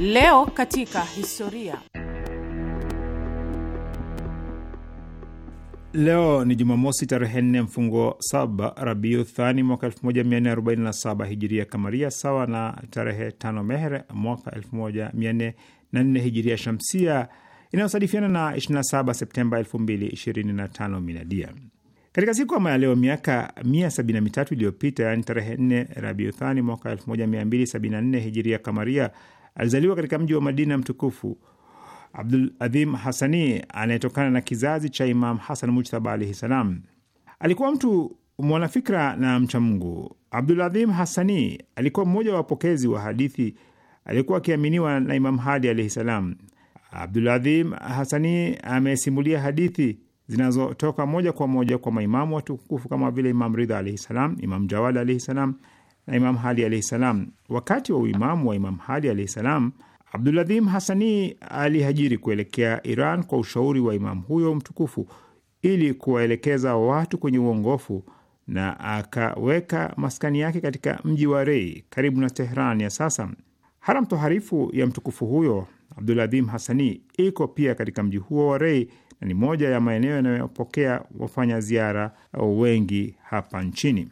Leo katika historia Leo ni Jumamosi tarehe nne mfungo saba Rabiu Thani mwaka 1447 hijiria kamaria, sawa na tarehe tano Meher mwaka 1404 hijiria shamsia inayosadifiana na 27 Septemba 2025 miladia. Katika siku kama ya leo miaka 173 iliyopita, yaani tarehe 4 Rabiu Thani mwaka 1274 hijiria kamaria, alizaliwa katika mji wa Madina mtukufu Abdul Adhim Hasani anayetokana na kizazi cha Imam Hasan Mujtaba alaihi salam. Alikuwa mtu mwanafikra na mcha Mungu. Abdul Adhim Hasani alikuwa mmoja wa wapokezi wa hadithi aliyekuwa akiaminiwa na Imam Hadi alaihi salam. Abdul Adhim Hasani amesimulia hadithi zinazotoka moja kwa moja kwa maimamu watukufu kama vile Imam Ridha alaihi salam, Imam Jawad alaihi salam na Imam Hadi alaihi salam. Wakati wa uimamu wa Imam Hadi alaihi salam Abduladhim Hasani alihajiri kuelekea Iran kwa ushauri wa imamu huyo mtukufu ili kuwaelekeza watu kwenye uongofu na akaweka maskani yake katika mji wa Rei karibu na Tehran ya sasa. Haram toharifu ya mtukufu huyo Abduladhim Hasani iko pia katika mji huo wa Rei na ni moja ya maeneo yanayopokea wafanya ziara wengi hapa nchini.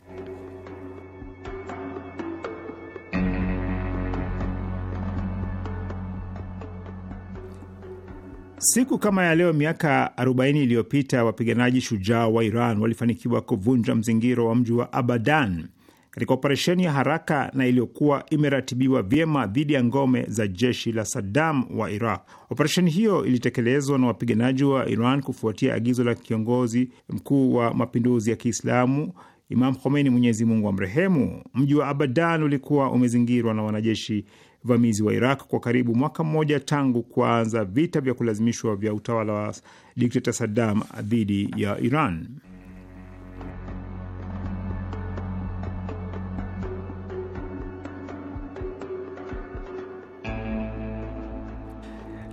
Siku kama ya leo miaka 40 iliyopita wapiganaji shujaa wa Iran walifanikiwa kuvunja mzingiro wa mji wa Abadan katika operesheni ya haraka na iliyokuwa imeratibiwa vyema dhidi ya ngome za jeshi la Saddam wa Iraq. Operesheni hiyo ilitekelezwa na wapiganaji wa Iran kufuatia agizo la kiongozi mkuu wa mapinduzi ya Kiislamu Imam Khomeini, Mwenyezi Mungu amrehemu. Mji wa Abadan ulikuwa umezingirwa na wanajeshi vamizi wa Iraq kwa karibu mwaka mmoja tangu kuanza vita vya kulazimishwa vya utawala wa dikteta Saddam dhidi ya Iran.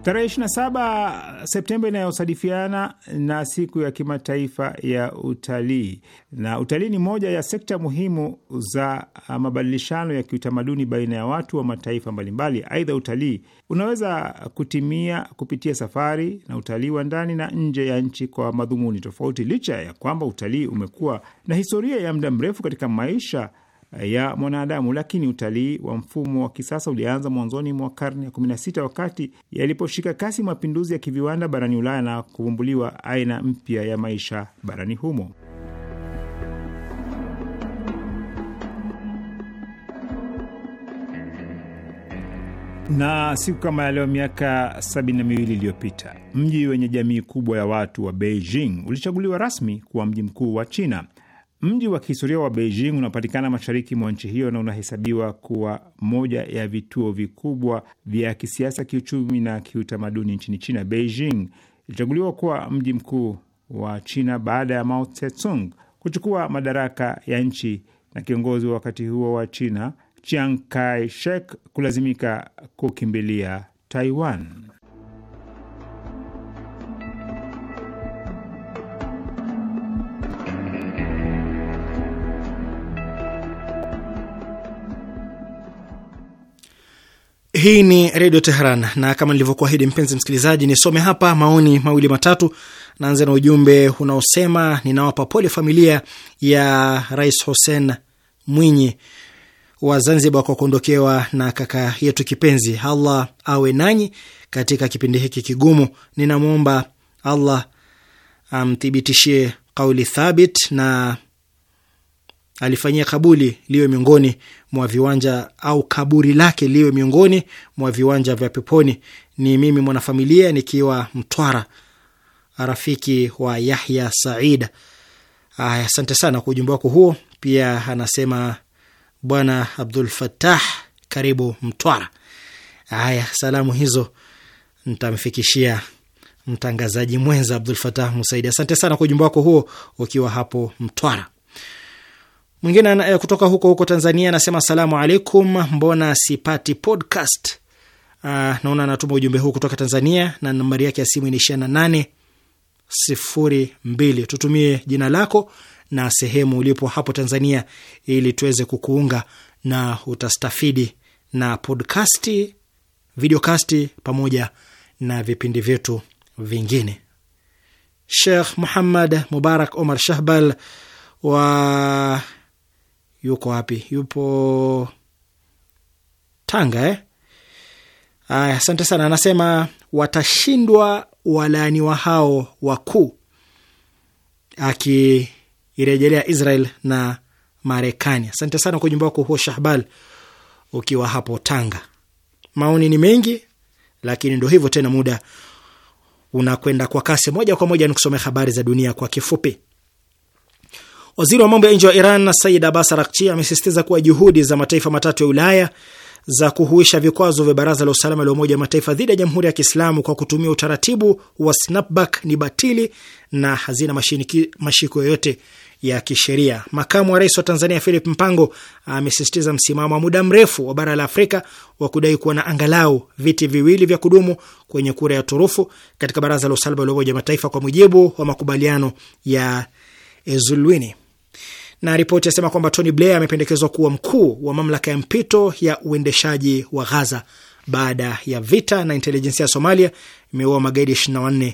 Tarehe 27 Septemba inayosadifiana na siku ya kimataifa ya utalii, na utalii ni moja ya sekta muhimu za ah, mabadilishano ya kiutamaduni baina ya watu wa mataifa mbalimbali. Aidha, utalii unaweza kutimia kupitia safari na utalii wa ndani na nje ya nchi kwa madhumuni tofauti. Licha ya kwamba utalii umekuwa na historia ya muda mrefu katika maisha ya mwanadamu, lakini utalii wa mfumo wa kisasa ulianza mwanzoni mwa karne ya 16 wakati yaliposhika kasi mapinduzi ya kiviwanda barani Ulaya na kuvumbuliwa aina mpya ya maisha barani humo. na siku kama ya leo miaka sabini na miwili iliyopita mji wenye jamii kubwa ya watu wa Beijing ulichaguliwa rasmi kuwa mji mkuu wa China. Mji wa kihistoria wa Beijing unapatikana mashariki mwa nchi hiyo na unahesabiwa kuwa moja ya vituo vikubwa vya kisiasa, kiuchumi na kiutamaduni nchini China. Beijing ilichaguliwa kuwa mji mkuu wa China baada ya Mao Tse-tung kuchukua madaraka ya nchi na kiongozi wa wakati huo wa China Chiang Kai-shek kulazimika kukimbilia Taiwan. Hii ni Redio Teheran na kama nilivyokuahidi, mpenzi msikilizaji, nisome hapa maoni mawili matatu. naanze na ujumbe unaosema ninawapa pole familia ya Rais Hussein Mwinyi wa Zanzibar kwa kuondokewa na kaka yetu kipenzi. Allah awe nanyi katika kipindi hiki kigumu. Ninamwomba Allah amthibitishie kauli thabit na alifanyia kabuli liwe miongoni mwa viwanja au kaburi lake liwe miongoni mwa viwanja vya peponi. Ni mimi mwanafamilia nikiwa Mtwara, rafiki wa Yahya Saida. Asante sana kwa ujumbe wako huo. Pia anasema bwana Abdul Fatah, karibu Mtwara. Haya, salamu hizo ntamfikishia mtangazaji mwenza Abdul Fatah Musaidi. Asante sana kwa ujumbe wako huo ukiwa hapo Mtwara. Mwingine eh, kutoka huko huko Tanzania anasema asalamu alaikum, mbona sipati podcast? Uh, naona anatuma ujumbe huu kutoka Tanzania na nambari yake ya simu inaishia na nane sifuri mbili. Tutumie jina lako na sehemu ulipo hapo Tanzania ili tuweze kukuunga na utastafidi na podcasti, videocasti pamoja na vipindi vyetu vingine. Sheikh Muhammad Mubarak Omar Shahbal wa yuko wapi? Yupo Tanga eh? Aya, asante sana. Anasema watashindwa walaaniwa hao wakuu, akirejelea Israel na Marekani. Asante sana kwa ujumbe wako huo Shahbal, ukiwa hapo Tanga. Maoni ni mengi, lakini ndo hivyo tena, muda unakwenda kwa kasi. Moja kwa moja nikusomea habari za dunia kwa kifupi. Waziri wa mambo ya nje wa Iran Said Abbas Araghchi amesisitiza kuwa juhudi za mataifa matatu ya Ulaya za kuhuisha vikwazo vya Baraza la Usalama la Umoja wa Mataifa dhidi ya Jamhuri ya Kiislamu kwa kutumia utaratibu wa snapback ni batili na hazina mashiko yoyote ya kisheria. Makamu wa rais wa Tanzania Philip Mpango amesisitiza msimamo wa muda mrefu wa bara la Afrika wa kudai kuwa na angalau viti viwili vya kudumu kwenye kura ya turufu katika Baraza la Usalama la Umoja wa Mataifa kwa mujibu wa makubaliano ya Ezulwini na ripoti yasema kwamba Tony Blair amependekezwa kuwa mkuu wa mamlaka ya mpito ya uendeshaji wa Ghaza baada ya vita, na intelijensia ya Somalia imeua magaidi 24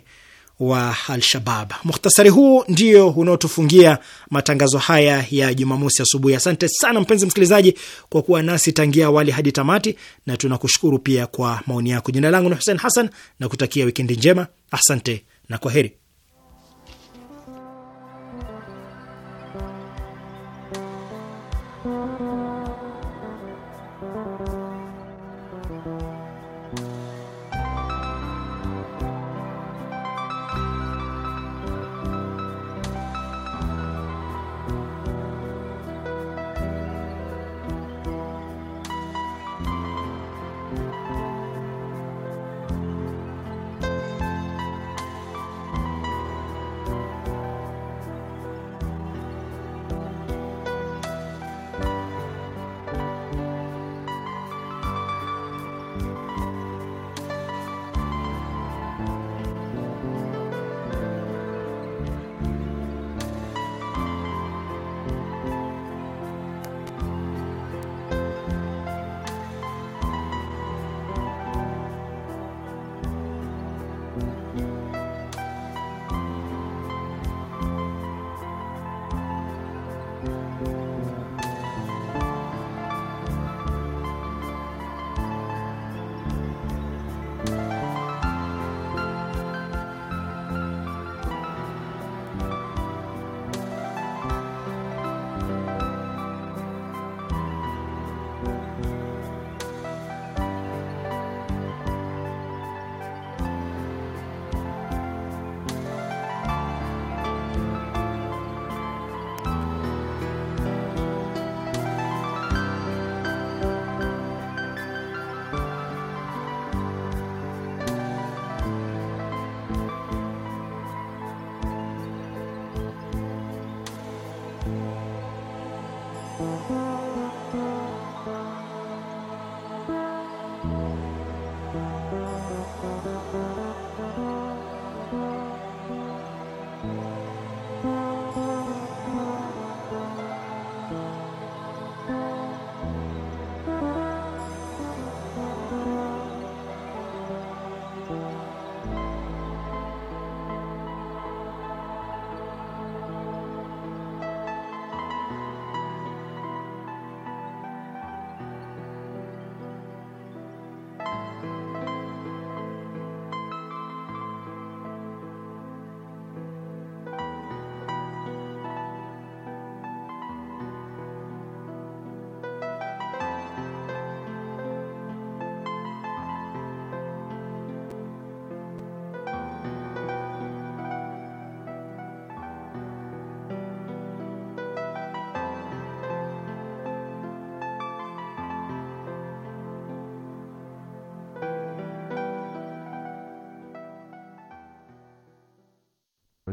wa Al-Shabab. Mukhtasari huu ndio unaotufungia matangazo haya ya Jumamosi asubuhi. Asante sana mpenzi msikilizaji kwa kuwa nasi tangia awali hadi tamati, na tunakushukuru pia kwa maoni yako. Jina langu ni Hussein Hassan na kutakia wikendi njema. Asante na kwa heri.